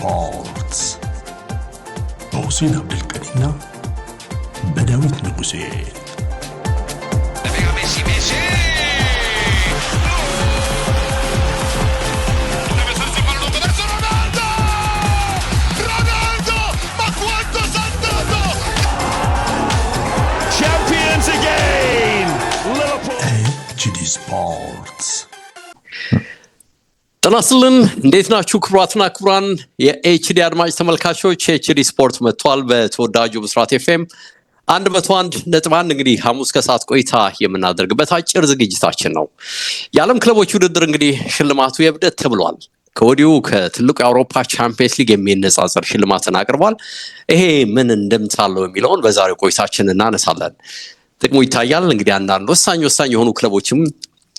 ስፖርትስ በሁሴን አብደልቀዲና በዳዊት ንጉሴ ተናስልን እንዴት ናችሁ? ክቡራትና ክቡራን የኤችዲ አድማጭ ተመልካቾች ኤችዲ ስፖርት መጥቷል። በተወዳጁ ብስራት ኤፍኤም አንድ መቶ አንድ ነጥብ አንድ እንግዲህ ሐሙስ ከሰዓት ቆይታ የምናደርግበት አጭር ዝግጅታችን ነው። የዓለም ክለቦች ውድድር እንግዲህ ሽልማቱ የብደት ተብሏል። ከወዲሁ ከትልቁ የአውሮፓ ቻምፒየንስ ሊግ የሚነጻጸር ሽልማትን አቅርቧል። ይሄ ምን እንደምታለው የሚለውን በዛሬው ቆይታችን እናነሳለን። ጥቅሙ ይታያል። እንግዲህ አንዳንድ ወሳኝ ወሳኝ የሆኑ ክለቦችም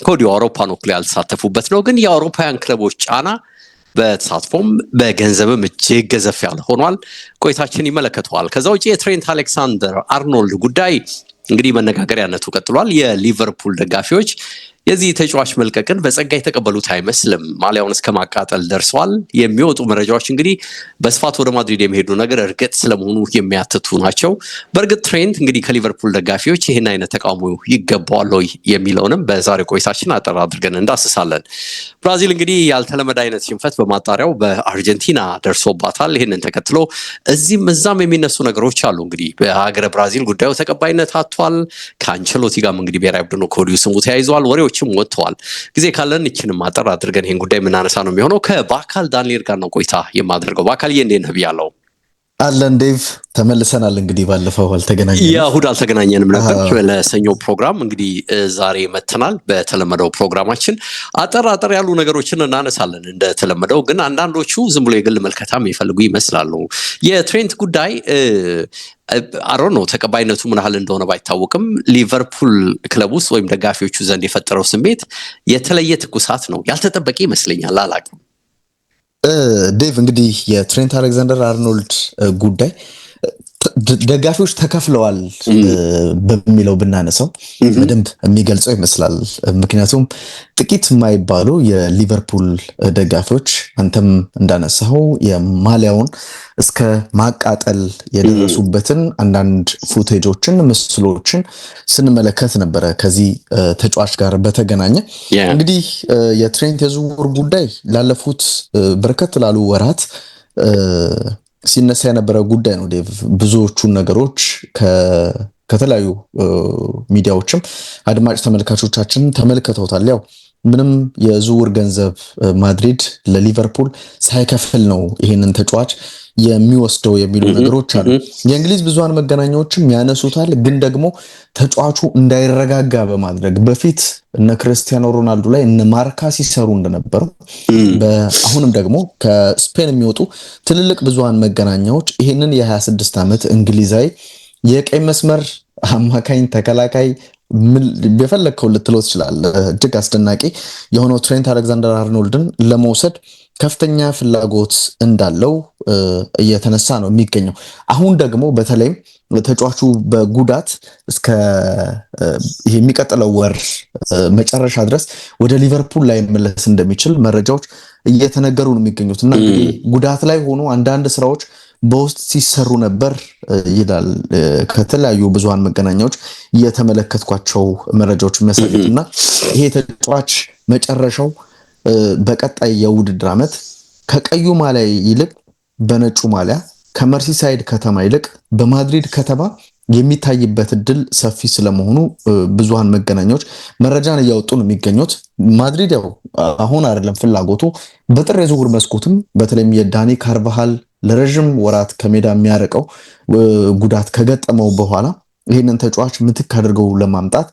ከወዲሁ አውሮፓን ወክሎ ያልተሳተፉበት ነው። ግን የአውሮፓውያን ክለቦች ጫና በተሳትፎም በገንዘብም እጅግ ገዘፍ ያለ ሆኗል። ቆይታችን ይመለከተዋል። ከዛ ውጭ የትሬንት አሌክሳንደር አርኖልድ ጉዳይ እንግዲህ መነጋገሪያነቱ ቀጥሏል። የሊቨርፑል ደጋፊዎች የዚህ ተጫዋች መልቀቅን በጸጋ የተቀበሉት አይመስልም። ማሊያውን እስከ ማቃጠል ደርሰዋል። የሚወጡ መረጃዎች እንግዲህ በስፋት ወደ ማድሪድ የሚሄዱ ነገር እርግጥ ስለመሆኑ የሚያትቱ ናቸው። በእርግጥ ትሬንት እንግዲህ ከሊቨርፑል ደጋፊዎች ይህን አይነት ተቃውሞ ይገባዋል ወይ የሚለውንም በዛሬ ቆይታችን አጠር አድርገን እንዳስሳለን። ብራዚል እንግዲህ ያልተለመደ አይነት ሽንፈት በማጣሪያው በአርጀንቲና ደርሶባታል። ይህንን ተከትሎ እዚህም እዛም የሚነሱ ነገሮች አሉ። እንግዲህ በሀገረ ብራዚል ጉዳዩ ተቀባይነት አጥቷል። ከአንቸሎቲ ጋርም እንግዲህ ብሔራዊ ቡድኑ ከወዲሁ ስሙ ተያይዘዋል። ወሬዎች ጉዳዮችም ወጥተዋል። ጊዜ ካለን ይችንም አጠር አድርገን ይህን ጉዳይ የምናነሳ ነው የሚሆነው። ከባካል ዳንኤል ጋር ነው ቆይታ የማደርገው። በአካል እንዴት ነህ ብያለሁ። አለን ዴቭ ተመልሰናል። እንግዲህ ባለፈው አልተገናኘንም፣ የእሑድ አልተገናኘንም ነበር ለሰኞ ፕሮግራም እንግዲህ ዛሬ መተናል። በተለመደው ፕሮግራማችን አጠር አጠር ያሉ ነገሮችን እናነሳለን እንደተለመደው። ግን አንዳንዶቹ ዝም ብሎ የግል መልከታ የሚፈልጉ ይመስላሉ። የትሬንት ጉዳይ አሮ ነው ተቀባይነቱ ምን ያህል እንደሆነ ባይታወቅም ሊቨርፑል ክለብ ውስጥ ወይም ደጋፊዎቹ ዘንድ የፈጠረው ስሜት የተለየ ትኩሳት ነው፣ ያልተጠበቀ ይመስለኛል። አላቅም ዴቭ እንግዲህ የትሬንት አሌክዛንደር አርኖልድ ጉዳይ ደጋፊዎች ተከፍለዋል በሚለው ብናነሳው በደንብ የሚገልጸው ይመስላል። ምክንያቱም ጥቂት የማይባሉ የሊቨርፑል ደጋፊዎች አንተም እንዳነሳው የማሊያውን እስከ ማቃጠል የደረሱበትን አንዳንድ ፉቴጆችን፣ ምስሎችን ስንመለከት ነበረ። ከዚህ ተጫዋች ጋር በተገናኘ እንግዲህ የትሬንት የዝውውር ጉዳይ ላለፉት በርከት ላሉ ወራት ሲነሳ የነበረ ጉዳይ ነው። ዴቭ ብዙዎቹን ነገሮች ከተለያዩ ሚዲያዎችም አድማጭ ተመልካቾቻችን ተመልክተውታል። ያው ምንም የዝውውር ገንዘብ ማድሪድ ለሊቨርፑል ሳይከፍል ነው ይሄንን ተጫዋች የሚወስደው የሚሉ ነገሮች አሉ። የእንግሊዝ ብዙሃን መገናኛዎችም ያነሱታል። ግን ደግሞ ተጫዋቹ እንዳይረጋጋ በማድረግ በፊት እነ ክርስቲያኖ ሮናልዶ ላይ እነ ማርካ ሲሰሩ እንደነበሩ አሁንም ደግሞ ከስፔን የሚወጡ ትልልቅ ብዙሃን መገናኛዎች ይህንን የ26 ዓመት እንግሊዛዊ የቀይ መስመር አማካኝ ተከላካይ የፈለግከው ልትለው ትችላለህ። እጅግ አስደናቂ የሆነው ትሬንት አሌክዛንደር አርኖልድን ለመውሰድ ከፍተኛ ፍላጎት እንዳለው እየተነሳ ነው የሚገኘው። አሁን ደግሞ በተለይም ተጫዋቹ በጉዳት እስከ የሚቀጥለው ወር መጨረሻ ድረስ ወደ ሊቨርፑል ላይ መለስ እንደሚችል መረጃዎች እየተነገሩ ነው የሚገኙት እና ጉዳት ላይ ሆኖ አንዳንድ ስራዎች በውስጥ ሲሰሩ ነበር ይላል። ከተለያዩ ብዙሃን መገናኛዎች የተመለከትኳቸው መረጃዎች የሚያሳዩት እና ይሄ ተጫዋች መጨረሻው በቀጣይ የውድድር ዓመት ከቀዩ ማሊያ ይልቅ በነጩ ማሊያ ከመርሲሳይድ ከተማ ይልቅ በማድሪድ ከተማ የሚታይበት እድል ሰፊ ስለመሆኑ ብዙሃን መገናኛዎች መረጃን እያወጡ ነው የሚገኙት። ማድሪድ ያው አሁን አይደለም ፍላጎቱ በጥር የዝውውር መስኮትም በተለይም የዳኒ ካርቫሃል ለረዥም ወራት ከሜዳ የሚያርቀው ጉዳት ከገጠመው በኋላ ይህንን ተጫዋች ምትክ አድርገው ለማምጣት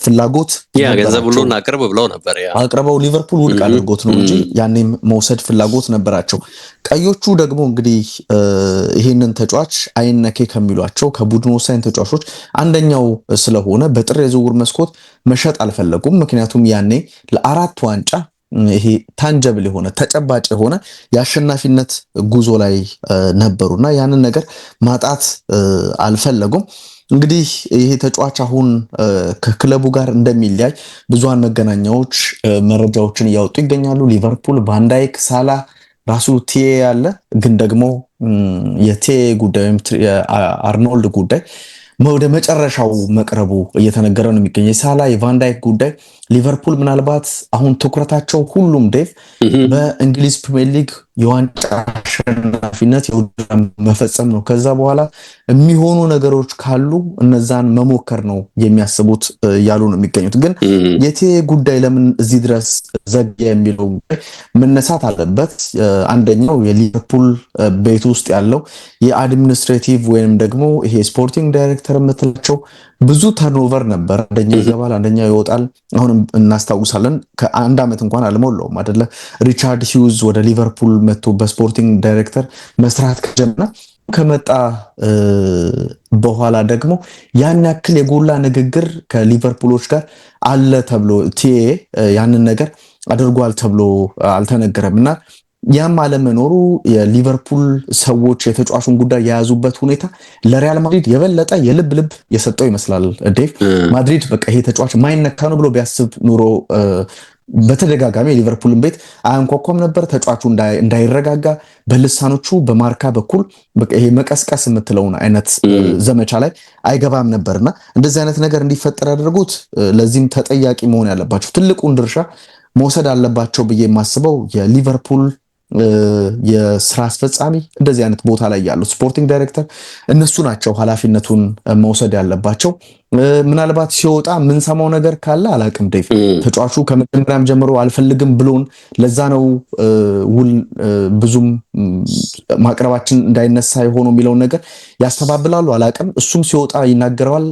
ፍላጎት ገንዘብ ሁሉን አቅርብ ብለው ነበር አቅርበው ሊቨርፑል ውድቅ አድርጎት ነው እንጂ ያኔም መውሰድ ፍላጎት ነበራቸው። ቀዮቹ ደግሞ እንግዲህ ይህንን ተጫዋች አይነኬ ከሚሏቸው ከቡድን ወሳኝ ተጫዋቾች አንደኛው ስለሆነ በጥር የዝውውር መስኮት መሸጥ አልፈለጉም። ምክንያቱም ያኔ ለአራት ዋንጫ ይሄ ታንጀብል የሆነ ተጨባጭ የሆነ የአሸናፊነት ጉዞ ላይ ነበሩ እና ያንን ነገር ማጣት አልፈለጉም። እንግዲህ ይሄ ተጫዋች አሁን ከክለቡ ጋር እንደሚለያይ ብዙሃን መገናኛዎች መረጃዎችን እያወጡ ይገኛሉ። ሊቨርፑል ቫንዳይክ፣ ሳላ ራሱ ቴ ያለ ግን ደግሞ የቴ ጉዳይ ወይም የአርኖልድ ጉዳይ ወደ መጨረሻው መቅረቡ እየተነገረ ነው የሚገኘ የሳላ የቫንዳይክ ጉዳይ ሊቨርፑል ምናልባት አሁን ትኩረታቸው ሁሉም ዴቭ በእንግሊዝ ፕሪሚየር ሊግ የዋንጫ አሸናፊነት የውድድር መፈጸም ነው። ከዛ በኋላ የሚሆኑ ነገሮች ካሉ እነዛን መሞከር ነው የሚያስቡት ያሉ ነው የሚገኙት። ግን የቴ ጉዳይ ለምን እዚህ ድረስ ዘጋ የሚለው መነሳት አለበት። አንደኛው የሊቨርፑል ቤት ውስጥ ያለው የአድሚኒስትሬቲቭ ወይም ደግሞ ይሄ ስፖርቲንግ ዳይሬክተር የምትላቸው ብዙ ተርኖቨር ነበር። አንደኛው ይገባል፣ አንደኛው ይወጣል። አሁንም እናስታውሳለን ከአንድ ዓመት እንኳን አልሞላውም አደለ ሪቻርድ ሂውዝ ወደ ሊቨርፑል መጥቶ በስፖርቲንግ ዳይሬክተር መስራት ከጀመረ ከመጣ በኋላ ደግሞ ያን ያክል የጎላ ንግግር ከሊቨርፑሎች ጋር አለ ተብሎ ቲኤ ያንን ነገር አድርጓል ተብሎ አልተነገረም እና ያም አለመኖሩ የሊቨርፑል ሰዎች የተጫዋቹን ጉዳይ የያዙበት ሁኔታ ለሪያል ማድሪድ የበለጠ የልብ ልብ የሰጠው ይመስላል። ዴቭ ማድሪድ በቃ ይሄ ተጫዋች ማይነካ ነው ብሎ ቢያስብ ኑሮ በተደጋጋሚ የሊቨርፑልን ቤት አያንኳኳም ነበር። ተጫዋቹ እንዳይረጋጋ በልሳኖቹ በማርካ በኩል ይሄ መቀስቀስ የምትለውን አይነት ዘመቻ ላይ አይገባም እና እንደዚህ አይነት ነገር እንዲፈጠር ያደርጉት ለዚህም ተጠያቂ መሆን ያለባቸው ትልቁን ድርሻ መውሰድ አለባቸው ብዬ የማስበው የሊቨርፑል የስራ አስፈጻሚ እንደዚህ አይነት ቦታ ላይ ያሉት ስፖርቲንግ ዳይሬክተር እነሱ ናቸው ኃላፊነቱን መውሰድ ያለባቸው። ምናልባት ሲወጣ ምንሰማው ነገር ካለ አላቅም። ዴቭ ተጫዋቹ ከመጀመሪያም ጀምሮ አልፈልግም ብሎን ለዛ ነው ውል ብዙም ማቅረባችን እንዳይነሳ የሆነው የሚለውን ነገር ያስተባብላሉ። አላቅም። እሱም ሲወጣ ይናገረዋል።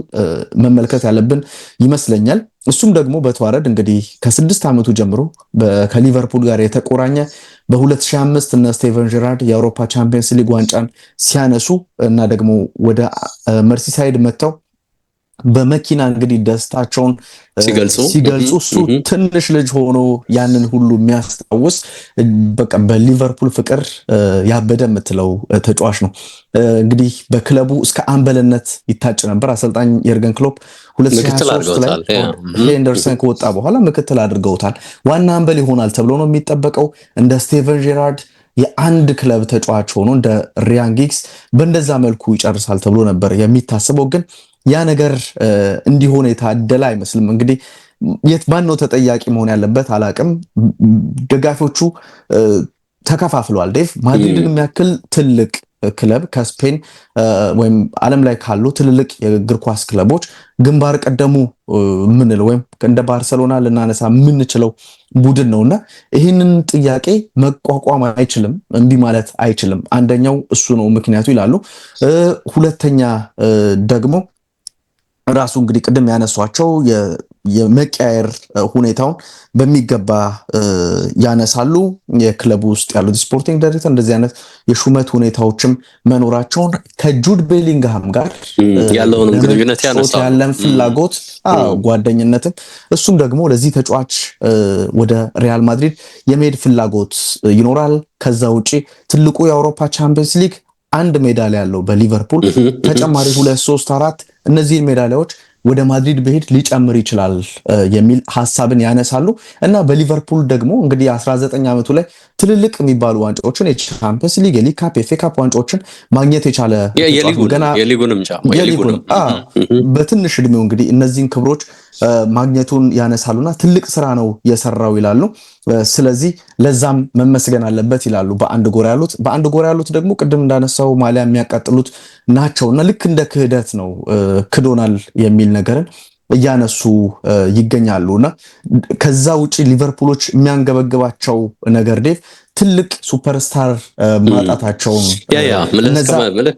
መመልከት ያለብን ይመስለኛል። እሱም ደግሞ በተዋረድ እንግዲህ ከስድስት ዓመቱ ጀምሮ ከሊቨርፑል ጋር የተቆራኘ በ2005 እነ ስቴቨን ጀራርድ የአውሮፓ ቻምፒየንስ ሊግ ዋንጫን ሲያነሱ እና ደግሞ ወደ መርሲሳይድ መጥተው በመኪና እንግዲህ ደስታቸውን ሲገልጹ እሱ ትንሽ ልጅ ሆኖ ያንን ሁሉ የሚያስታውስ በቃ በሊቨርፑል ፍቅር ያበደ የምትለው ተጫዋች ነው። እንግዲህ በክለቡ እስከ አምበልነት ይታጭ ነበር። አሰልጣኝ የርገን ክሎፕ 2023 ላይ ሄንደርሰን ከወጣ በኋላ ምክትል አድርገውታል። ዋና አምበል ይሆናል ተብሎ ነው የሚጠበቀው። እንደ ስቴቨን ጄራርድ የአንድ ክለብ ተጫዋች ሆኖ እንደ ሪያን ጊግስ በእንደዛ መልኩ ይጨርሳል ተብሎ ነበር የሚታስበው ግን ያ ነገር እንዲሆን የታደለ አይመስልም። እንግዲህ የት ማን ነው ተጠያቂ መሆን ያለበት አላቅም። ደጋፊዎቹ ተከፋፍለዋል። ዴቭ ማድሪድን የሚያክል ትልቅ ክለብ ከስፔን ወይም ዓለም ላይ ካሉ ትልልቅ የእግር ኳስ ክለቦች ግንባር ቀደሙ የምንለው ወይም እንደ ባርሰሎና ልናነሳ የምንችለው ቡድን ነው እና ይህንን ጥያቄ መቋቋም አይችልም፣ እምቢ ማለት አይችልም። አንደኛው እሱ ነው ምክንያቱ ይላሉ። ሁለተኛ ደግሞ ራሱ እንግዲህ ቅድም ያነሷቸው የመቀያየር ሁኔታውን በሚገባ ያነሳሉ። የክለቡ ውስጥ ያሉት ስፖርቲንግ ዳይሬክተር እንደዚህ አይነት የሹመት ሁኔታዎችም መኖራቸውን ከጁድ ቤሊንግሃም ጋር ያለውን ያለን ፍላጎት ጓደኝነትም እሱም ደግሞ ለዚህ ተጫዋች ወደ ሪያል ማድሪድ የመሄድ ፍላጎት ይኖራል። ከዛ ውጪ ትልቁ የአውሮፓ ቻምፒየንስ ሊግ አንድ ሜዳሊያ ያለው በሊቨርፑል ተጨማሪ ሁለት ሶስት አራት እነዚህን ሜዳሊያዎች ወደ ማድሪድ ብሄድ ሊጨምር ይችላል የሚል ሀሳብን ያነሳሉ እና በሊቨርፑል ደግሞ እንግዲህ 19 ዓመቱ ላይ ትልልቅ የሚባሉ ዋንጫዎችን የቻምፒየንስ ሊግ፣ የሊግ ካፕ፣ ካፕ ዋንጫዎችን ማግኘት የቻለ በትንሽ እድሜው እንግዲህ እነዚህን ክብሮች ማግኘቱን ያነሳሉና ትልቅ ስራ ነው የሰራው ይላሉ። ስለዚህ ለዛም መመስገን አለበት ይላሉ በአንድ ጎራ ያሉት። በአንድ ጎራ ያሉት ደግሞ ቅድም እንዳነሳው ማሊያ የሚያቃጥሉት ናቸው እና ልክ እንደ ክህደት ነው ክዶናል የሚል ነገርን እያነሱ ይገኛሉ እና ከዛ ውጭ ሊቨርፑሎች የሚያንገበግባቸው ነገር ዴቭ ትልቅ ሱፐርስታር ማጣታቸው ነው።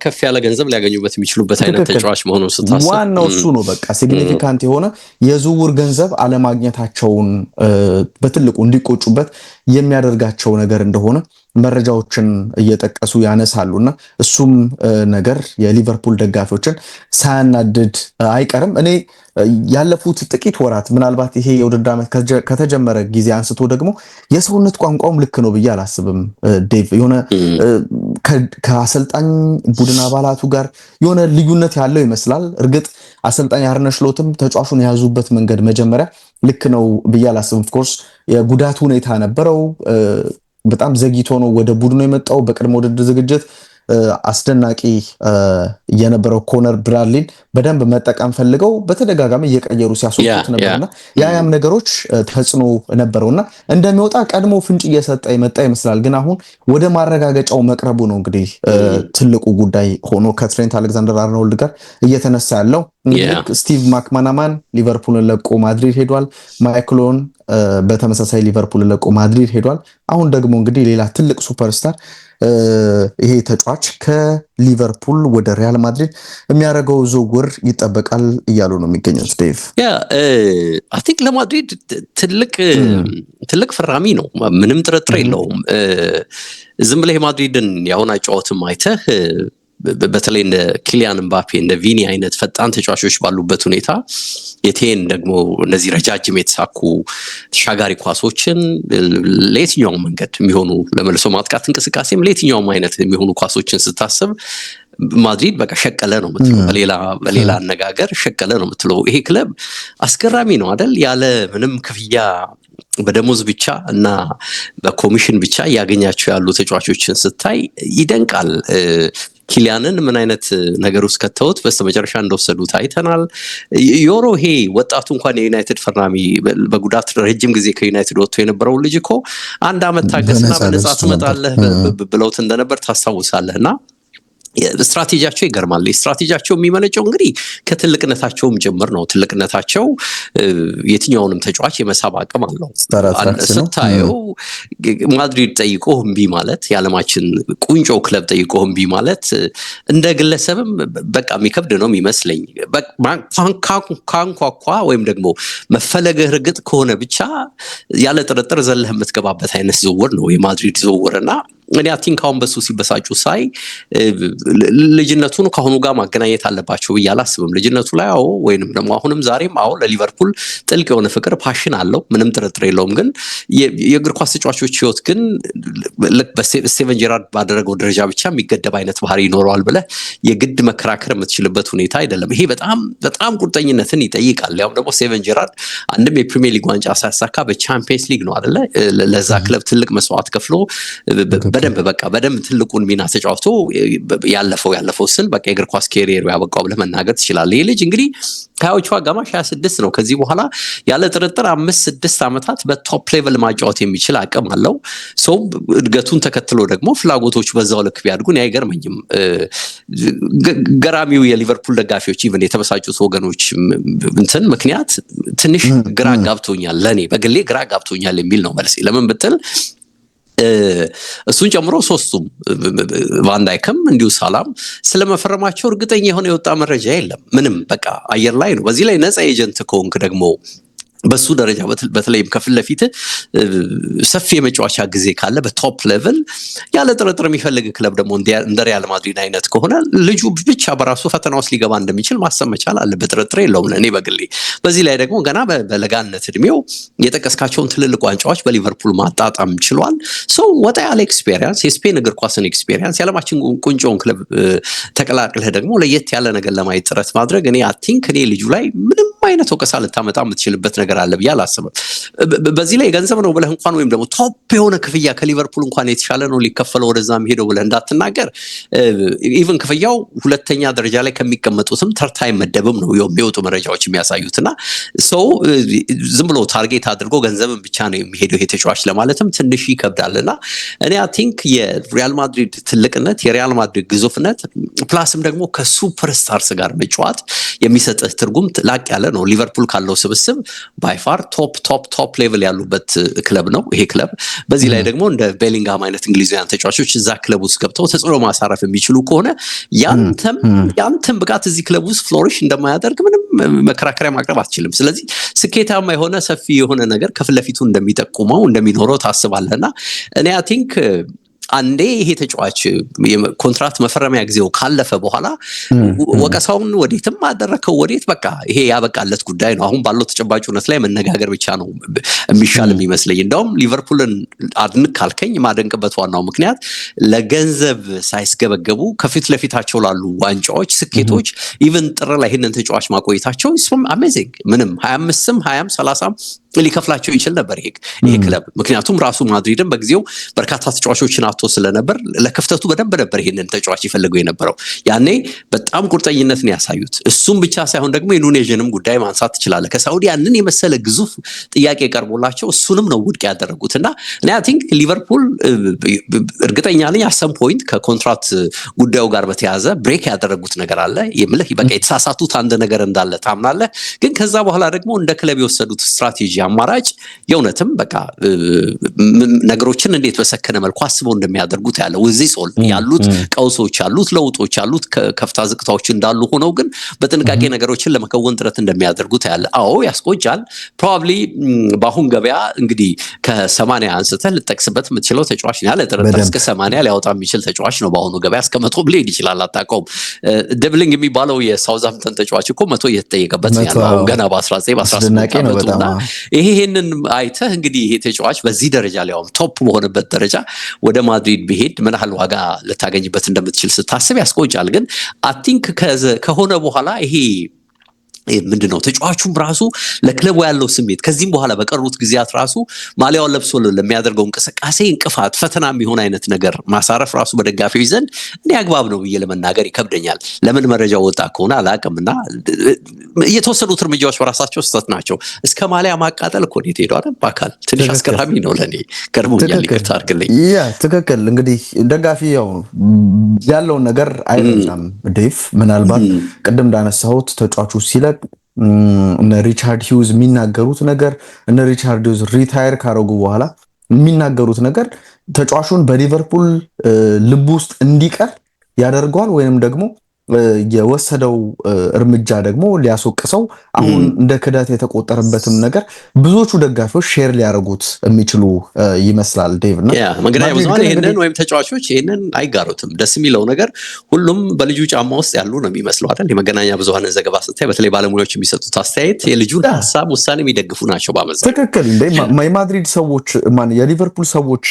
ከፍ ያለ ገንዘብ ሊያገኙበት የሚችሉበት አይነት ተጫዋች መሆኑን ስታስብ ዋናው እሱ ነው። በቃ ሲግኒፊካንት የሆነ የዝውውር ገንዘብ አለማግኘታቸውን በትልቁ እንዲቆጩበት የሚያደርጋቸው ነገር እንደሆነ መረጃዎችን እየጠቀሱ ያነሳሉ እና እሱም ነገር የሊቨርፑል ደጋፊዎችን ሳያናድድ አይቀርም። እኔ ያለፉት ጥቂት ወራት ምናልባት ይሄ የውድድር ዓመት ከተጀመረ ጊዜ አንስቶ ደግሞ የሰውነት ቋንቋውም ልክ ነው ብዬ አላስብም። ዴቭ የሆነ ከአሰልጣኝ ቡድን አባላቱ ጋር የሆነ ልዩነት ያለው ይመስላል። እርግጥ አሰልጣኝ አርነ ስሎትም ተጫዋቹን የያዙበት መንገድ መጀመሪያ ልክ ነው ብዬ አላስብም። ኦፍኮርስ የጉዳት ሁኔታ ነበረው በጣም ዘግይቶ ነው ወደ ቡድኑ የመጣው። በቅድመ ውድድር ዝግጅት አስደናቂ የነበረው ኮነር ብራድሊን በደንብ መጠቀም ፈልገው በተደጋጋሚ እየቀየሩ ሲያስወጡት ነበርና ያያም ነገሮች ተጽዕኖ ነበረውና እንደሚወጣ ቀድሞ ፍንጭ እየሰጠ የመጣ ይመስላል። ግን አሁን ወደ ማረጋገጫው መቅረቡ ነው እንግዲህ ትልቁ ጉዳይ ሆኖ ከትሬንት አሌክዛንደር አርኖልድ ጋር እየተነሳ ያለው ስቲቭ ማክማናማን ሊቨርፑልን ለቆ ማድሪድ ሄዷል። ማይክሎን በተመሳሳይ ሊቨርፑልን ለቆ ማድሪድ ሄዷል። አሁን ደግሞ እንግዲህ ሌላ ትልቅ ሱፐርስታር ይሄ ተጫዋች ከሊቨርፑል ወደ ሪያል ማድሪድ የሚያደርገው ዝውውር ይጠበቃል እያሉ ነው የሚገኙት። ዴቭ ቲንክ ለማድሪድ ትልቅ ፈራሚ ነው፣ ምንም ጥርጥር የለውም። ዝም ብለህ የማድሪድን የአሁን አጨዋወትም አይተህ በተለይ እንደ ኪሊያን ምባፔ እንደ ቪኒ አይነት ፈጣን ተጫዋቾች ባሉበት ሁኔታ የቴን ደግሞ እነዚህ ረጃጅም የተሳኩ ተሻጋሪ ኳሶችን ለየትኛውም መንገድ የሚሆኑ ለመልሶ ማጥቃት እንቅስቃሴም ለየትኛውም አይነት የሚሆኑ ኳሶችን ስታስብ ማድሪድ በቃ ሸቀለ ነው ምትለው በሌላ አነጋገር ሸቀለ ነው የምትለው። ይሄ ክለብ አስገራሚ ነው አደል ያለ ምንም ክፍያ በደሞዝ ብቻ እና በኮሚሽን ብቻ እያገኛቸው ያሉ ተጫዋቾችን ስታይ ይደንቃል። ኪሊያንን ምን አይነት ነገር ውስጥ ከተውት በስተመጨረሻ እንደወሰዱት አይተናል። ዮሮ ሄ ወጣቱ እንኳን የዩናይትድ ፈራሚ በጉዳት ረጅም ጊዜ ከዩናይትድ ወጥቶ የነበረው ልጅ እኮ አንድ አመት ታገስና በነጻ ትመጣለህ ብለውት እንደነበር ታስታውሳለህ እና ስትራቴጂያቸው ይገርማል። ስትራቴጂያቸው የሚመነጨው እንግዲህ ከትልቅነታቸውም ጭምር ነው። ትልቅነታቸው የትኛውንም ተጫዋች የመሳብ አቅም አለው። ስታየው ማድሪድ ጠይቆ እምቢ ማለት፣ የዓለማችን ቁንጮ ክለብ ጠይቆ እምቢ ማለት እንደ ግለሰብም በቃ የሚከብድ ነው የሚመስለኝ። ካንኳኳ ወይም ደግሞ መፈለገ እርግጥ ከሆነ ብቻ ያለ ጥርጥር ዘለህ የምትገባበት አይነት ዝውውር ነው የማድሪድ ዝውውር እና እኔ አቲንክ አሁን በሱ ሲበሳጩ ሳይ ልጅነቱን ከአሁኑ ጋር ማገናኘት አለባቸው ብዬ አላስብም። ልጅነቱ ላይ አዎ፣ ወይንም ደግሞ አሁንም ዛሬም አዎ፣ ለሊቨርፑል ጥልቅ የሆነ ፍቅር ፓሽን አለው፣ ምንም ጥርጥር የለውም። ግን የእግር ኳስ ተጫዋቾች ህይወት ግን ልክ በስቴቨን ባደረገው ደረጃ ብቻ የሚገደብ አይነት ባህሪ ይኖረዋል ብለ የግድ መከራከር የምትችልበት ሁኔታ አይደለም። ይሄ በጣም በጣም ቁርጠኝነትን ይጠይቃል። ያውም ደግሞ ስቴቨን ጀራርድ አንድም የፕሪሚየር ሊግ ዋንጫ ሳያሳካ በቻምፒየንስ ሊግ ነው አደለ ለዛ ክለብ ትልቅ መስዋዕት ከፍሎ በደንብ በቃ በደንብ ትልቁን ሚና ተጫውቶ ያለፈው ያለፈው ስል በቃ የእግር ኳስ ኬሪየሩ ያበቃው ብለህ መናገር ትችላለህ። ይህ ልጅ እንግዲህ ከሀያዎቹ አጋማሽ ሀያ ስድስት ነው። ከዚህ በኋላ ያለ ጥርጥር አምስት ስድስት ዓመታት በቶፕ ሌቨል ማጫወት የሚችል አቅም አለው። ሰው እድገቱን ተከትሎ ደግሞ ፍላጎቶቹ በዛው ልክ ቢያድጉ ቢያድጉን አይገርመኝም። ገራሚው የሊቨርፑል ደጋፊዎች ኢቨን የተበሳጩት ወገኖች እንትን ምክንያት ትንሽ ግራ ጋብቶኛል፣ ለእኔ በግሌ ግራ ጋብቶኛል የሚል ነው መልሴ። ለምን ብትል እሱን ጨምሮ ሶስቱም ቫንዳይክም እንዲሁ ሳላም ስለመፈረማቸው እርግጠኛ የሆነ የወጣ መረጃ የለም። ምንም በቃ አየር ላይ ነው። በዚህ ላይ ነፃ ኤጀንት ከሆንክ ደግሞ በሱ ደረጃ በተለይም ከፊት ለፊት ሰፊ የመጫወቻ ጊዜ ካለ በቶፕ ሌቭል ያለ ጥርጥር የሚፈልግ ክለብ ደግሞ እንደ ሪያል ማድሪድ አይነት ከሆነ ልጁ ብቻ በራሱ ፈተና ውስጥ ሊገባ እንደሚችል ማሰብ መቻል አለ። በጥርጥር የለውም ለእኔ በግሌ። በዚህ ላይ ደግሞ ገና በለጋነት እድሜው የጠቀስካቸውን ትልልቅ ዋንጫዎች በሊቨርፑል ማጣጣም ችሏል። ሰው ወጣ ያለ ኤክስፔሪንስ፣ የስፔን እግር ኳስን ኤክስፔሪንስ፣ የዓለማችን ቁንጮውን ክለብ ተቀላቅለህ ደግሞ ለየት ያለ ነገር ለማየት ጥረት ማድረግ እኔ አይ ቲንክ እኔ ልጁ ላይ ምንም አይነት ወቀሳ ልታመጣ የምትችልበት ነገር አለ ብዬ አላስብም። በዚህ ላይ ገንዘብ ነው ብለህ እንኳን ወይም ደግሞ ቶፕ የሆነ ክፍያ ከሊቨርፑል እንኳን የተሻለ ነው ሊከፈለው ወደዛ ሄደው ብለህ እንዳትናገር። ኢቨን ክፍያው ሁለተኛ ደረጃ ላይ ከሚቀመጡትም ተርታይ መደብም ነው የሚወጡ መረጃዎች የሚያሳዩት እና ሰው ዝም ብሎ ታርጌት አድርጎ ገንዘብን ብቻ ነው የሚሄደው የተጫዋች ለማለትም ትንሽ ይከብዳል እና እኔ አይ ቲንክ የሪያል ማድሪድ ትልቅነት የሪያል ማድሪድ ግዙፍነት ፕላስም ደግሞ ከሱፐርስታርስ ጋር መጫወት የሚሰጥህ ትርጉም ላቅ ያለ ነው። ነው ሊቨርፑል ካለው ስብስብ ባይፋር ቶፕ ቶፕ ቶፕ ሌቭል ያሉበት ክለብ ነው ይሄ ክለብ። በዚህ ላይ ደግሞ እንደ ቤሊንግሃም አይነት እንግሊዛውያን ተጫዋቾች እዛ ክለብ ውስጥ ገብተው ተጽዕኖ ማሳረፍ የሚችሉ ከሆነ ያንተም ብቃት እዚህ ክለብ ውስጥ ፍሎሪሽ እንደማያደርግ ምንም መከራከሪያ ማቅረብ አትችልም። ስለዚህ ስኬታማ የሆነ ሰፊ የሆነ ነገር ከፊት ለፊቱ እንደሚጠቁመው እንደሚኖረው ታስባለህና እኔ አይ ቲንክ አንዴ ይሄ ተጫዋች ኮንትራክት መፈረሚያ ጊዜው ካለፈ በኋላ ወቀሳውን ወዴትም አደረከው ወዴት በቃ ይሄ ያበቃለት ጉዳይ ነው። አሁን ባለው ተጨባጭ እውነት ላይ መነጋገር ብቻ ነው የሚሻል የሚመስለኝ። እንደውም ሊቨርፑልን አድንቅ ካልከኝ ማደንቅበት ዋናው ምክንያት ለገንዘብ ሳይስገበገቡ ከፊት ለፊታቸው ላሉ ዋንጫዎች፣ ስኬቶች ኢቨን ጥር ላይ ይህንን ተጫዋች ማቆየታቸው ስም አሜዚንግ ምንም ሀያ አምስትም ሀያም ሰላሳም ሊከፍላቸው ይችል ነበር ይሄ ክለብ ምክንያቱም ራሱ ማድሪድን በጊዜው በርካታ ተጫዋቾችን አጥቶ ስለነበር ለክፍተቱ በደንብ ነበር ይሄንን ተጫዋች ይፈልገው የነበረው። ያኔ በጣም ቁርጠኝነት ነው ያሳዩት። እሱም ብቻ ሳይሆን ደግሞ የኑኔዥንም ጉዳይ ማንሳት ትችላለህ። ከሳውዲ ያንን የመሰለ ግዙፍ ጥያቄ ቀርቦላቸው እሱንም ነው ውድቅ ያደረጉት እና እኔ አይ ቲንክ ሊቨርፑል እርግጠኛ ነኝ አሰም ፖይንት ከኮንትራት ጉዳዩ ጋር በተያዘ ብሬክ ያደረጉት ነገር አለ የምልህ በቃ የተሳሳቱት አንድ ነገር እንዳለ ታምናለህ። ግን ከዛ በኋላ ደግሞ እንደ ክለብ የወሰዱት ስትራቴጂ አማራጭ የእውነትም በቃ ነገሮችን እንዴት በሰከነ መልኩ አስበው እንደሚያደርጉት ያለው እዚህ ሶል ያሉት ቀውሶች አሉት፣ ለውጦች አሉት፣ ከፍታ ዝቅታዎች እንዳሉ ሆነው ግን በጥንቃቄ ነገሮችን ለመከወን ጥረት እንደሚያደርጉት ያለ። አዎ ያስቆጫል። ፕሮባብሊ በአሁን ገበያ እንግዲህ ከሰማንያ አንስተህ ልጠቅስበት የምትችለው ተጫዋች ነው ያለ ጥርጥር እስከ ሰማንያ ሊያወጣ የሚችል ተጫዋች ነው። በአሁኑ ገበያ እስከ መቶ ሊሄድ ይችላል። አታውቀውም። ደብሊንግ የሚባለው የሳውዛምፕተን ተጫዋች እኮ መቶ እየተጠየቀበት ያለ አሁን ገና በ19 በ18 ዓመቱና ይሄንን አይተህ እንግዲህ ይሄ ተጫዋች በዚህ ደረጃ ሊያውም ቶፕ በሆነበት ደረጃ ወደ ማድሪድ ብሄድ ምን ያህል ዋጋ ልታገኝበት እንደምትችል ስታስብ ያስቆጫል። ግን አይ ቲንክ ከሆነ በኋላ ይሄ ምንድን ነው ተጫዋቹም ራሱ ለክለቡ ያለው ስሜት ከዚህም በኋላ በቀሩት ጊዜያት ራሱ ማሊያውን ለብሶ ለሚያደርገው እንቅስቃሴ እንቅፋት፣ ፈተና የሚሆን አይነት ነገር ማሳረፍ ራሱ በደጋፊዎች ዘንድ እንዲ አግባብ ነው ብዬ ለመናገር ይከብደኛል። ለምን መረጃ ወጣ ከሆነ አላቅም እና የተወሰኑት እርምጃዎች በራሳቸው ስህተት ናቸው። እስከ ማሊያ ማቃጠል እኮ ነው የተሄደው በአካል ትንሽ አስገራሚ ነው ለእኔ ገርሞኛል። ይቅርታ አድርግልኝ። ትክክል እንግዲህ ደጋፊ ያው ያለውን ነገር አይረዳም ዴፍ ምናልባት ቅድም እንዳነሳሁት ተጫዋቹ ሲለቅ እነ ሪቻርድ ሂውዝ የሚናገሩት ነገር እነ ሪቻርድ ሂውዝ ሪታየር ካረጉ በኋላ የሚናገሩት ነገር ተጫዋቹን በሊቨርፑል ልብ ውስጥ እንዲቀር ያደርገዋል ወይንም ደግሞ የወሰደው እርምጃ ደግሞ ሊያስወቅሰው አሁን እንደ ክደት የተቆጠረበትም ነገር ብዙዎቹ ደጋፊዎች ሼር ሊያደርጉት የሚችሉ ይመስላል። ዴቭ እና መገናኛ ብዙኃን ይህንን ወይም ተጫዋቾች ይህንን አይጋሩትም። ደስ የሚለው ነገር ሁሉም በልጁ ጫማ ውስጥ ያሉ ነው የሚመስለው አይደል? የመገናኛ ብዙኃንን ዘገባ ስታይ በተለይ ባለሙያዎች የሚሰጡት አስተያየት የልጁን ሀሳብ ውሳኔ የሚደግፉ ናቸው። ባመዛ ትክክል እንደ የማድሪድ ሰዎች የሊቨርፑል ሰዎች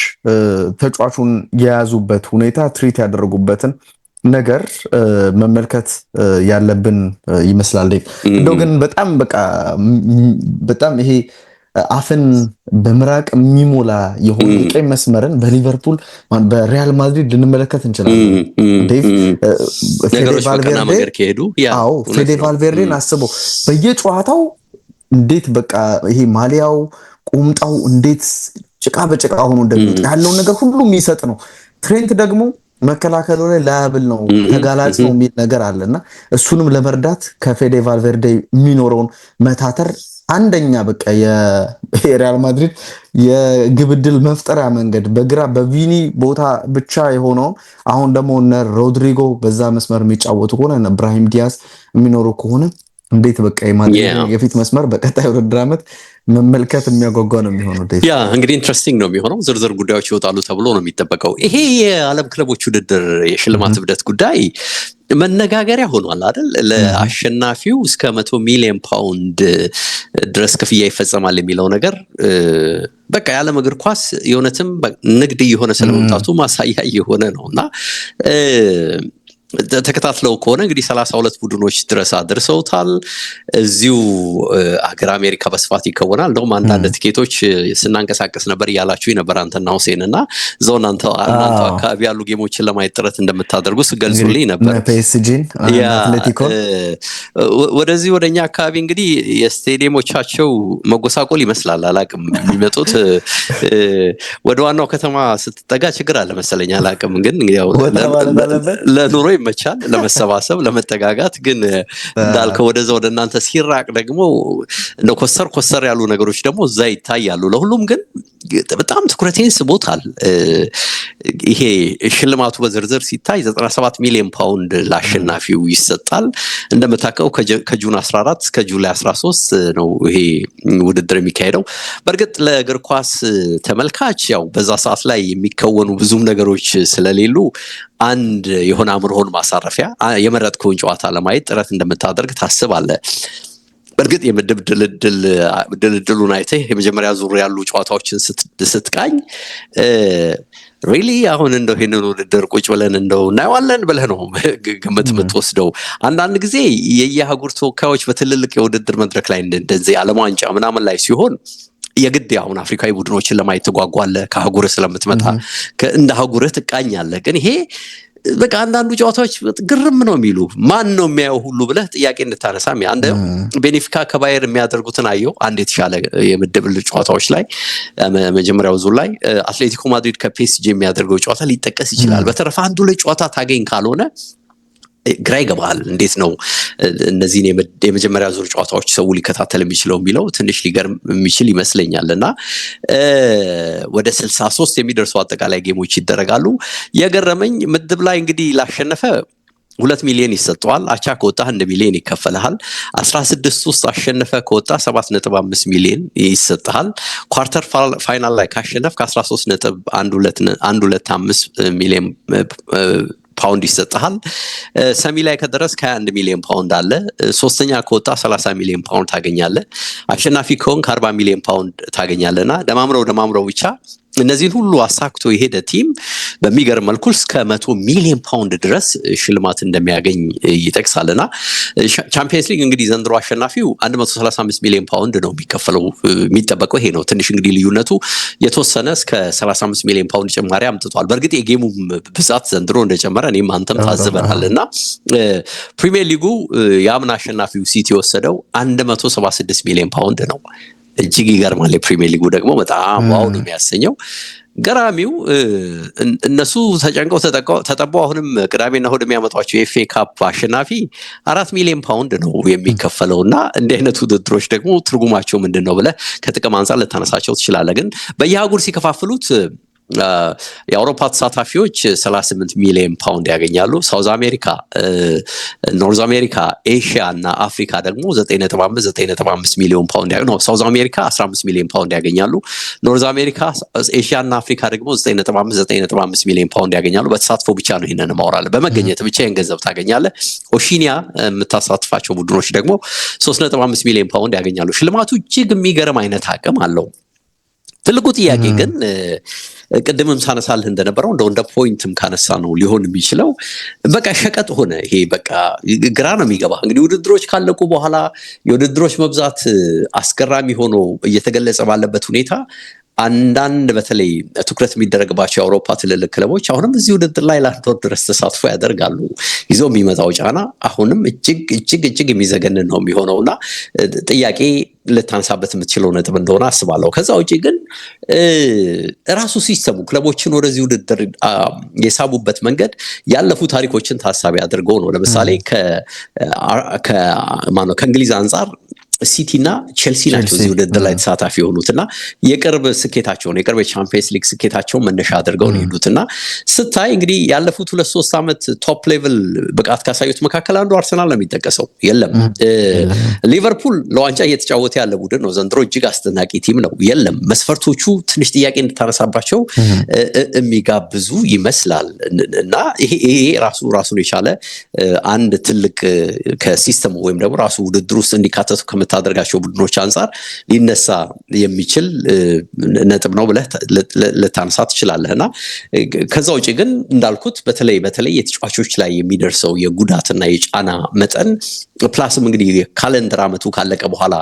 ተጫዋቹን የያዙበት ሁኔታ ትሪት ያደረጉበትን ነገር መመልከት ያለብን ይመስላል። እንደው ግን በጣም በቃ በጣም ይሄ አፍን በምራቅ የሚሞላ የሆነ ቀይ መስመርን በሊቨርፑል በሪያል ማድሪድ ልንመለከት እንችላለን። ፌዴ ቫልቬርዴን አስበው በየጨዋታው እንዴት በቃ ይሄ ማሊያው ቁምጣው እንዴት ጭቃ በጭቃ ሆኖ እንደሚወጣ ያለውን ነገር ሁሉ የሚሰጥ ነው። ትሬንት ደግሞ መከላከሉ ላይ ላያብል ነው ተጋላጭ ነው የሚል ነገር አለ እና እሱንም ለመርዳት ከፌዴ ቫልቬርዴ የሚኖረውን መታተር አንደኛ በቃ የሪያል ማድሪድ የግብድል መፍጠሪያ መንገድ በግራ በቪኒ ቦታ ብቻ የሆነውን አሁን ደግሞ እነ ሮድሪጎ በዛ መስመር የሚጫወቱ ከሆነ እነ ብራሂም ዲያስ የሚኖሩ ከሆነ እንዴት በቃ የማድሪድ የፊት መስመር በቀጣይ ውድድር ዓመት መመልከት የሚያጓጓ ነው የሚሆነው። ያ እንግዲህ ኢንትረስቲንግ ነው የሚሆነው። ዝርዝር ጉዳዮች ይወጣሉ ተብሎ ነው የሚጠበቀው። ይሄ የዓለም ክለቦች ውድድር የሽልማት እብደት ጉዳይ መነጋገሪያ ሆኗል አይደል? ለአሸናፊው እስከ መቶ ሚሊዮን ፓውንድ ድረስ ክፍያ ይፈጸማል የሚለው ነገር በቃ የዓለም እግር ኳስ የእውነትም ንግድ እየሆነ ስለመምጣቱ ማሳያ እየሆነ ነው እና ተከታትለው ከሆነ እንግዲህ ሰላሳ ሁለት ቡድኖች ድረስ አድርሰውታል። እዚሁ ሀገር አሜሪካ በስፋት ይከወናል። እንደውም አንዳንድ ትኬቶች ስናንቀሳቀስ ነበር እያላችሁ ነበር አንተና ሁሴን እና እዛው እናንተ አካባቢ ያሉ ጌሞችን ለማየት ጥረት እንደምታደርጉ ስገልጹልኝ ነበር። ወደዚህ ወደ እኛ አካባቢ እንግዲህ የስቴዲየሞቻቸው መጎሳቆል ይመስላል። አላቅም የሚመጡት ወደ ዋናው ከተማ ስትጠጋ ችግር አለ መሰለኝ። አላቅም ግን ለኑሮ ይመቻል ለመሰባሰብ ለመጠጋጋት። ግን እንዳልከው ወደዛ ወደ እናንተ ሲራቅ ደግሞ ኮሰር ኮሰር ያሉ ነገሮች ደግሞ እዛ ይታያሉ። ለሁሉም ግን በጣም ትኩረቴን ስቦታል። ይሄ ሽልማቱ በዝርዝር ሲታይ 97 ሚሊዮን ፓውንድ ለአሸናፊው ይሰጣል። እንደምታውቀው ከጁን 14 እስከ ጁላይ 13 ነው ይሄ ውድድር የሚካሄደው። በእርግጥ ለእግር ኳስ ተመልካች ያው በዛ ሰዓት ላይ የሚከወኑ ብዙም ነገሮች ስለሌሉ አንድ የሆነ አእምሮህን ማሳረፊያ የመረጥከውን ጨዋታ ለማየት ጥረት እንደምታደርግ ታስባለህ። በእርግጥ የምድብ ድልድሉን አይተህ የመጀመሪያ ዙር ያሉ ጨዋታዎችን ስትቃኝ ሪሊ አሁን እንደው ይህንን ውድድር ቁጭ ብለን እንደው እናየዋለን ብለህ ነው ግምት የምትወስደው። አንዳንድ ጊዜ የየአህጉር ተወካዮች በትልልቅ የውድድር መድረክ ላይ እንደዚህ ዓለም ዋንጫ ምናምን ላይ ሲሆን የግድ አሁን አፍሪካዊ ቡድኖችን ለማየት ተጓጓለህ። ከአህጉርህ ስለምትመጣ እንደ አህጉርህ ትቃኛለህ። ግን ይሄ በቃ አንዳንዱ ጨዋታዎች ግርም ነው የሚሉ ማን ነው የሚያየው ሁሉ ብለህ ጥያቄ እንድታነሳ። አንድ ቤኔፊካ ከባየር የሚያደርጉትን አየው አንድ የተሻለ የምድብል ጨዋታዎች ላይ መጀመሪያው ዙር ላይ አትሌቲኮ ማድሪድ ከፔስጂ የሚያደርገው ጨዋታ ሊጠቀስ ይችላል። በተረፈ አንዱ ላይ ጨዋታ ታገኝ ካልሆነ ግራ ይገባል እንዴት ነው እነዚህን የመጀመሪያ ዙር ጨዋታዎች ሰው ሊከታተል የሚችለው የሚለው ትንሽ ሊገርም የሚችል ይመስለኛል። እና ወደ ስልሳ ሶስት የሚደርሱ አጠቃላይ ጌሞች ይደረጋሉ። የገረመኝ ምድብ ላይ እንግዲህ ላሸነፈ ሁለት ሚሊዮን ይሰጠዋል። አቻ ከወጣ አንድ ሚሊዮን ይከፈልሃል። አስራ ስድስት ውስጥ አሸነፈ ከወጣ ሰባት ነጥብ አምስት ሚሊዮን ይሰጠሃል ኳርተር ፋይናል ላይ ካሸነፍ ከአስራ ሶስት ነጥብ አንድ ሁለት አምስት ሚሊዮን ፓውንድ ይሰጥሃል። ሰሚ ላይ ከደረስ ከ21 ሚሊዮን ፓውንድ አለ። ሶስተኛ ከወጣ 30 ሚሊዮን ፓውንድ ታገኛለ። አሸናፊ ከሆን ከ40 ሚሊዮን ፓውንድ ታገኛለና ደማምረው ደማምረው ብቻ እነዚህን ሁሉ አሳክቶ የሄደ ቲም በሚገርም መልኩ እስከ መቶ ሚሊዮን ፓውንድ ድረስ ሽልማት እንደሚያገኝ ይጠቅሳል እና ቻምፒየንስ ሊግ እንግዲህ ዘንድሮ አሸናፊው 135 ሚሊዮን ፓውንድ ነው የሚከፈለው። የሚጠበቀው ይሄ ነው። ትንሽ እንግዲህ ልዩነቱ የተወሰነ እስከ 35 ሚሊዮን ፓውንድ ጭማሪ አምጥቷል። በእርግጥ የጌሙም ብዛት ዘንድሮ እንደጨመረ እኔም አንተም ታዝበናል እና ፕሪሚየር ሊጉ የአምና አሸናፊው ሲቲ የወሰደው 176 ሚሊዮን ፓውንድ ነው። እጅግ ይገርማል። የፕሪሚየር ሊጉ ደግሞ በጣም ዋው ነው የሚያሰኘው። ገራሚው እነሱ ተጨንቀው ተጠበው አሁንም ቅዳሜና እሑድ የሚያመጧቸው የኤፍ ኤ ካፕ አሸናፊ አራት ሚሊዮን ፓውንድ ነው የሚከፈለው እና እንዲህ አይነት ውድድሮች ደግሞ ትርጉማቸው ምንድን ነው ብለህ ከጥቅም አንጻር ልታነሳቸው ትችላለህ። ግን በየአህጉር ሲከፋፍሉት የአውሮፓ ተሳታፊዎች 38 ሚሊዮን ፓውንድ ያገኛሉ። ሳውዝ አሜሪካ፣ ኖርዝ አሜሪካ፣ ኤሽያ እና አፍሪካ ደግሞ 9.5 ሚሊዮን ፓውንድ ነው። ሳውዝ አሜሪካ 15 ሚሊዮን ፓውንድ ያገኛሉ። ኖርዝ አሜሪካ፣ ኤሽያ እና አፍሪካ ደግሞ 9.5 ሚሊዮን ፓውንድ ያገኛሉ። በተሳትፎ ብቻ ነው ይህንን ማውራለ በመገኘት ብቻ ይህን ገንዘብ ታገኛለ። ኦሺኒያ የምታሳትፋቸው ቡድኖች ደግሞ 3.5 ሚሊዮን ፓውንድ ያገኛሉ። ሽልማቱ እጅግ የሚገርም አይነት አቅም አለው። ትልቁ ጥያቄ ግን ቅድምም ሳነሳልህ እንደነበረው እንደው እንደ ፖይንትም ካነሳ ነው ሊሆን የሚችለው በቃ ሸቀጥ ሆነ። ይሄ በቃ ግራ ነው የሚገባ። እንግዲህ ውድድሮች ካለቁ በኋላ የውድድሮች መብዛት አስገራሚ ሆኖ እየተገለጸ ባለበት ሁኔታ አንዳንድ በተለይ ትኩረት የሚደረግባቸው የአውሮፓ ትልልቅ ክለቦች አሁንም እዚህ ውድድር ላይ ለአንድ ወር ድረስ ተሳትፎ ያደርጋሉ። ይዞ የሚመጣው ጫና አሁንም እጅግ እጅግ እጅግ የሚዘገንን ነው የሚሆነው እና ጥያቄ ልታነሳበት የምትችለው ነጥብ እንደሆነ አስባለሁ። ከዛ ውጭ ግን ራሱ ሲስተሙ ክለቦችን ወደዚህ ውድድር የሳቡበት መንገድ ያለፉ ታሪኮችን ታሳቢ አድርገው ነው። ለምሳሌ ከእንግሊዝ አንጻር ሲቲ እና ቸልሲ ናቸው እዚህ ውድድር ላይ ተሳታፊ የሆኑት እና የቅርብ ስኬታቸውን የቅርብ የቻምፒየንስ ሊግ ስኬታቸውን መነሻ አድርገው ነው የሄዱት እና ስታይ እንግዲህ ያለፉት ሁለት ሶስት ዓመት ቶፕ ሌቭል ብቃት ካሳዩት መካከል አንዱ አርሰናል ነው የሚጠቀሰው። የለም ሊቨርፑል ለዋንጫ እየተጫወተ ያለ ቡድን ነው ዘንድሮ፣ እጅግ አስደናቂ ቲም ነው። የለም መስፈርቶቹ ትንሽ ጥያቄ እንድታነሳባቸው የሚጋብዙ ይመስላል እና ይሄ ራሱ ራሱን የቻለ አንድ ትልቅ ከሲስተሙ ወይም ደግሞ ራሱ ውድድር ውስጥ እንዲካተቱ ከምታደርጋቸው ቡድኖች አንጻር ሊነሳ የሚችል ነጥብ ነው ብለህ ልታነሳ ትችላለህ እና ከዛ ውጭ ግን እንዳልኩት በተለይ በተለይ የተጫዋቾች ላይ የሚደርሰው የጉዳትና የጫና መጠን ፕላስም እንግዲህ ካለንደር ዓመቱ ካለቀ በኋላ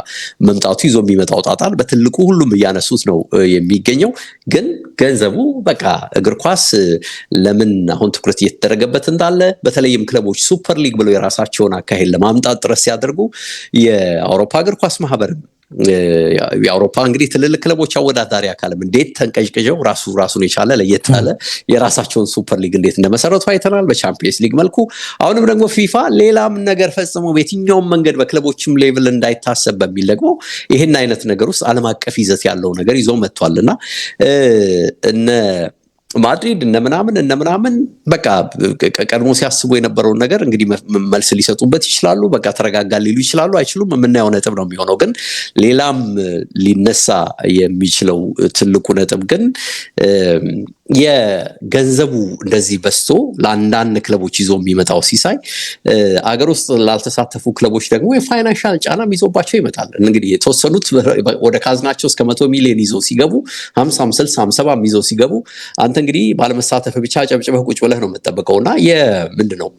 መምጣቱ ይዞ የሚመጣው ጣጣል በትልቁ ሁሉም እያነሱት ነው የሚገኘው። ግን ገንዘቡ በቃ እግር ኳስ ለምን አሁን ትኩረት እየተደረገበት እንዳለ በተለይም ክለቦች ሱፐር ሊግ ብለው የራሳቸውን አካሄድ ለማምጣት ጥረት ሲያደርጉ የአውሮፓ እግር ኳስ ማህበርም የአውሮፓ እንግዲህ ትልልቅ ክለቦች አወዳዳሪ አካልም እንዴት ተንቀዥቅዥው ራሱ ራሱን የቻለ ለየት ያለ የራሳቸውን ሱፐር ሊግ እንዴት እንደመሰረቱ አይተናል። በቻምፒየንስ ሊግ መልኩ አሁንም ደግሞ ፊፋ ሌላም ነገር ፈጽሞ በየትኛውም መንገድ በክለቦችም ሌቭል እንዳይታሰብ በሚል ደግሞ ይህን አይነት ነገር ውስጥ አለም አቀፍ ይዘት ያለው ነገር ይዞ እና እነ ማድሪድ እነምናምን እነምናምን በቃ ቀድሞ ሲያስቡ የነበረውን ነገር እንግዲህ መልስ ሊሰጡበት ይችላሉ። በቃ ተረጋጋ ሊሉ ይችላሉ። አይችሉም። የምናየው ነጥብ ነው የሚሆነው። ግን ሌላም ሊነሳ የሚችለው ትልቁ ነጥብ ግን የገንዘቡ እንደዚህ በዝቶ ለአንዳንድ ክለቦች ይዞ የሚመጣው ሲሳይ አገር ውስጥ ላልተሳተፉ ክለቦች ደግሞ የፋይናንሻል ጫናም ይዞባቸው ይመጣል። እንግዲህ የተወሰኑት ወደ ካዝናቸው እስከ መቶ ሚሊዮን ይዘው ሲገቡ ሀምሳም ስልሳም ሰባም ይዘው ሲገቡ አንተ እንግዲህ ባለመሳተፍ ብቻ ጨብጭበህ ቁጭ ብለህ ነው የምጠበቀው እና የምንድን ነው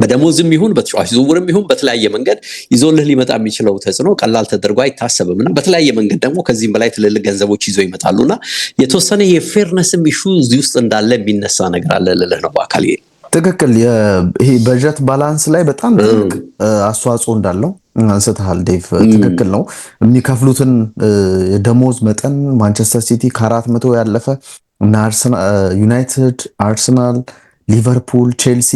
በደሞዝም ይሁን በተጫዋች ዝውውርም ይሁን በተለያየ መንገድ ይዞልህ ሊመጣ የሚችለው ተጽዕኖ ቀላል ተደርጎ አይታሰብም እና በተለያየ መንገድ ደግሞ ከዚህም በላይ ትልልቅ ገንዘቦች ይዞ ይመጣሉ እና የተወሰነ የፌርነስም ኢሹ እዚህ ውስጥ እንዳለ የሚነሳ ነገር አለ ልልህ ነው። በአካል ትክክል። ይሄ በጀት ባላንስ ላይ በጣም ትልቅ አስተዋጽኦ እንዳለው አንስተሃል ዴቭ፣ ትክክል ነው። የሚከፍሉትን የደሞዝ መጠን ማንቸስተር ሲቲ ከአራት መቶ ያለፈ ዩናይትድ፣ አርሰናል፣ ሊቨርፑል፣ ቼልሲ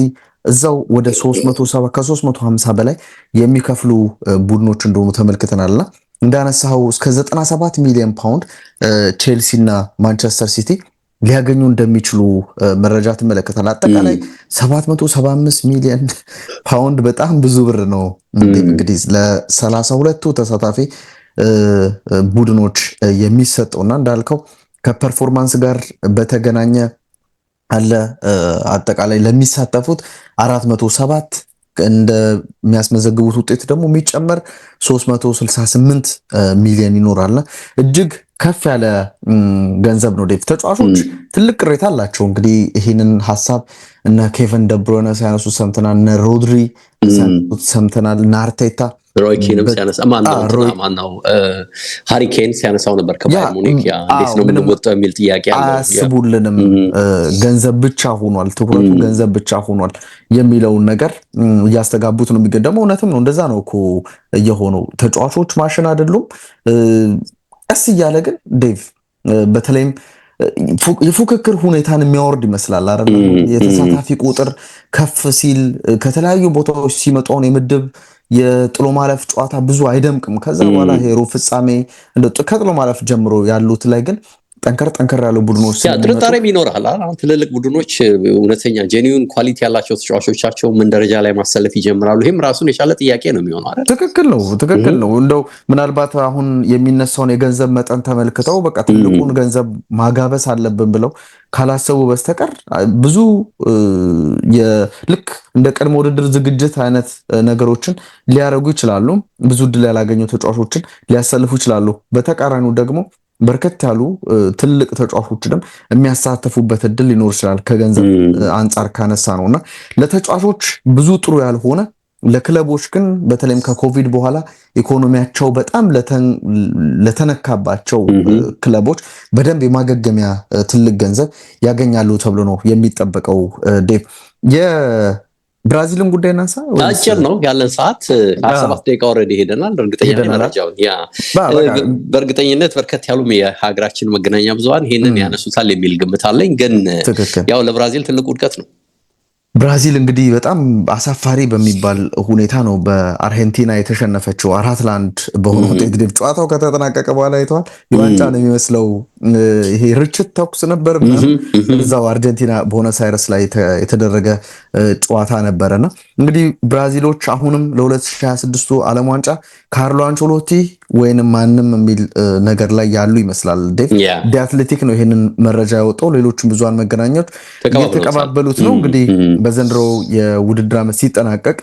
እዛው ወደ 370 ከ350 በላይ የሚከፍሉ ቡድኖች እንደሆኑ ተመልክተናልና እንዳነሳው እስከ 97 ሚሊዮን ፓውንድ ቼልሲ እና ማንቸስተር ሲቲ ሊያገኙ እንደሚችሉ መረጃ ትመለከታል። አጠቃላይ 775 ሚሊዮን ፓውንድ በጣም ብዙ ብር ነው። እንግዲህ ለ32ቱ ተሳታፊ ቡድኖች እና እንዳልከው ከፐርፎርማንስ ጋር በተገናኘ አለ አጠቃላይ ለሚሳተፉት አራት መቶ ሰባት እንደሚያስመዘግቡት ውጤት ደግሞ የሚጨመር 368 ሚሊዮን ይኖራልና እጅግ ከፍ ያለ ገንዘብ ነው። ዴቭ ተጫዋቾች ትልቅ ቅሬታ አላቸው። እንግዲህ ይህንን ሀሳብ እነ ኬቨን ደብሮነ ሲያነሱ ሰምተናል፣ እነ ሮድሪ ሲያነሱት ሰምተናል፣ እነ አርቴታ ሮይኬንም ሲያነሳ ማነው ሃሪኬን ሲያነሳው ነበር ከባየር ሙኒክ እንዴት ነው የምንወጣው የሚል ጥያቄ አለ። አያስቡልንም፣ ገንዘብ ብቻ ሆኗል፣ ትኩረቱ ገንዘብ ብቻ ሆኗል የሚለውን ነገር እያስተጋቡት ነው የሚገኝ። ደግሞ እውነትም ነው፣ እንደዛ ነው እኮ እየሆነው ተጫዋቾች ማሽን አይደሉም። ቀስ እያለ ግን ዴቭ በተለይም የፉክክር ሁኔታን የሚያወርድ ይመስላል አይደል? የተሳታፊ ቁጥር ከፍ ሲል ከተለያዩ ቦታዎች ሲመጡ አሁን የምድብ የጥሎ ማለፍ ጨዋታ ብዙ አይደምቅም። ከዛ በኋላ ሄሩ ፍጻሜ ከጥሎ ማለፍ ጀምሮ ያሉት ላይ ግን ጠንከር ጠንከር ያሉ ቡድኖች ጥርጣሬም ይኖራል። አሁን ትልልቅ ቡድኖች እውነተኛ ጄኒውን ኳሊቲ ያላቸው ተጫዋቾቻቸው ምን ደረጃ ላይ ማሰለፍ ይጀምራሉ? ይህም ራሱን የቻለ ጥያቄ ነው የሚሆነው። ትክክል ነው፣ ትክክል ነው። እንደው ምናልባት አሁን የሚነሳውን የገንዘብ መጠን ተመልክተው በቃ ትልቁን ገንዘብ ማጋበስ አለብን ብለው ካላሰቡ በስተቀር ብዙ ልክ እንደ ቀድሞ ውድድር ዝግጅት አይነት ነገሮችን ሊያደርጉ ይችላሉ። ብዙ እድል ያላገኙ ተጫዋቾችን ሊያሰልፉ ይችላሉ። በተቃራኒው ደግሞ በርከት ያሉ ትልቅ ተጫዋቾችንም የሚያሳተፉበት እድል ሊኖር ይችላል ከገንዘብ አንጻር ካነሳ ነው እና ለተጫዋቾች ብዙ ጥሩ ያልሆነ ለክለቦች ግን በተለይም ከኮቪድ በኋላ ኢኮኖሚያቸው በጣም ለተነካባቸው ክለቦች በደንብ የማገገሚያ ትልቅ ገንዘብ ያገኛሉ ተብሎ ነው የሚጠበቀው። ዴቭ ብራዚልን ጉዳይ እናንሳ። አጭር ነው ያለን ሰዓት ሰባት ደቂቃ ወረድ ሄደናል። እርግጠኛ መረጃውን በእርግጠኝነት በርከት ያሉም የሀገራችን መገናኛ ብዙሃን ይህንን ያነሱታል የሚል ግምት አለኝ። ግን ያው ለብራዚል ትልቅ ውድቀት ነው። ብራዚል እንግዲህ በጣም አሳፋሪ በሚባል ሁኔታ ነው በአርሄንቲና የተሸነፈችው አራት ለአንድ በሆነ ውጤት። ጨዋታው ከተጠናቀቀ በኋላ አይተዋል። የዋንጫ ነው የሚመስለው። ይሄ ርችት ተኩስ ነበር፣ እዛው አርጀንቲና ቦነስ አይረስ ላይ የተደረገ ጨዋታ ነበረና እንግዲህ ብራዚሎች አሁንም ለ2026 ዓለም ዋንጫ ካርሎ አንቾሎቲ ወይንም ማንም የሚል ነገር ላይ ያሉ ይመስላል። ዲ አትሌቲክ ነው ይሄንን መረጃ ያወጣው። ሌሎችም ብዙሃን መገናኛዎች እየተቀባበሉት ነው። እንግዲህ በዘንድሮ የውድድር ዓመት ሲጠናቀቅ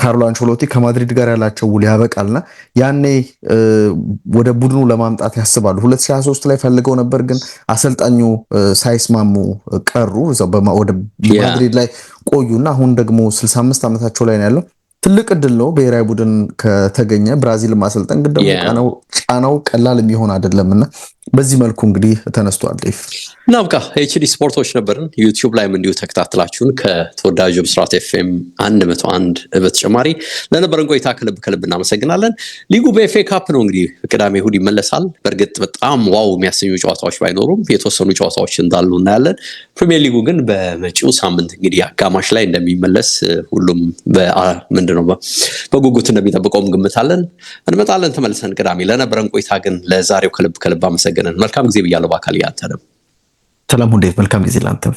ካርሎ አንቾሎቲ ከማድሪድ ጋር ያላቸው ውል ያበቃልና ያኔ ወደ ቡድኑ ለማምጣት ያስባሉ። 2023 ላይ ፈልገው ነበር፣ ግን አሰልጣኙ ሳይስማሙ ቀሩ። ማድሪድ ላይ ቆዩና አሁን ደግሞ 65 ዓመታቸው ላይ ነው ያለው ትልቅ እድል ነው። ብሔራዊ ቡድን ከተገኘ ብራዚል ማሰልጠን ግድ ጫናው ቀላል የሚሆን አይደለም እና በዚህ መልኩ እንግዲህ ተነስቷል። እናብቃ ኤችዲ ስፖርቶች ነበርን። ዩቲዩብ ላይም እንዲሁ ተከታትላችሁን ከተወዳጁ ብስራት ኤፍኤም 101 በተጨማሪ ለነበረን ቆይታ ከልብ ከልብ እናመሰግናለን። ሊጉ በኤፍኤ ካፕ ነው እንግዲህ ቅዳሜ ሁድ ይመለሳል። በእርግጥ በጣም ዋው የሚያሰኙ ጨዋታዎች ባይኖሩም የተወሰኑ ጨዋታዎች እንዳሉ እናያለን። ፕሪሚየር ሊጉ ግን በመጪው ሳምንት እንግዲህ አጋማሽ ላይ እንደሚመለስ ሁሉም ምንድነው በጉጉት እንደሚጠብቀውም ግምታለን። እንመጣለን ተመልሰን ቅዳሜ። ለነበረን ቆይታ ግን ለዛሬው ከልብ ከልብ አመሰግናለን። እያመሰገንን መልካም ጊዜ ብያለሁ። በአካል ያንተንም ሰላም ሁንዴት መልካም ጊዜ ላንተም።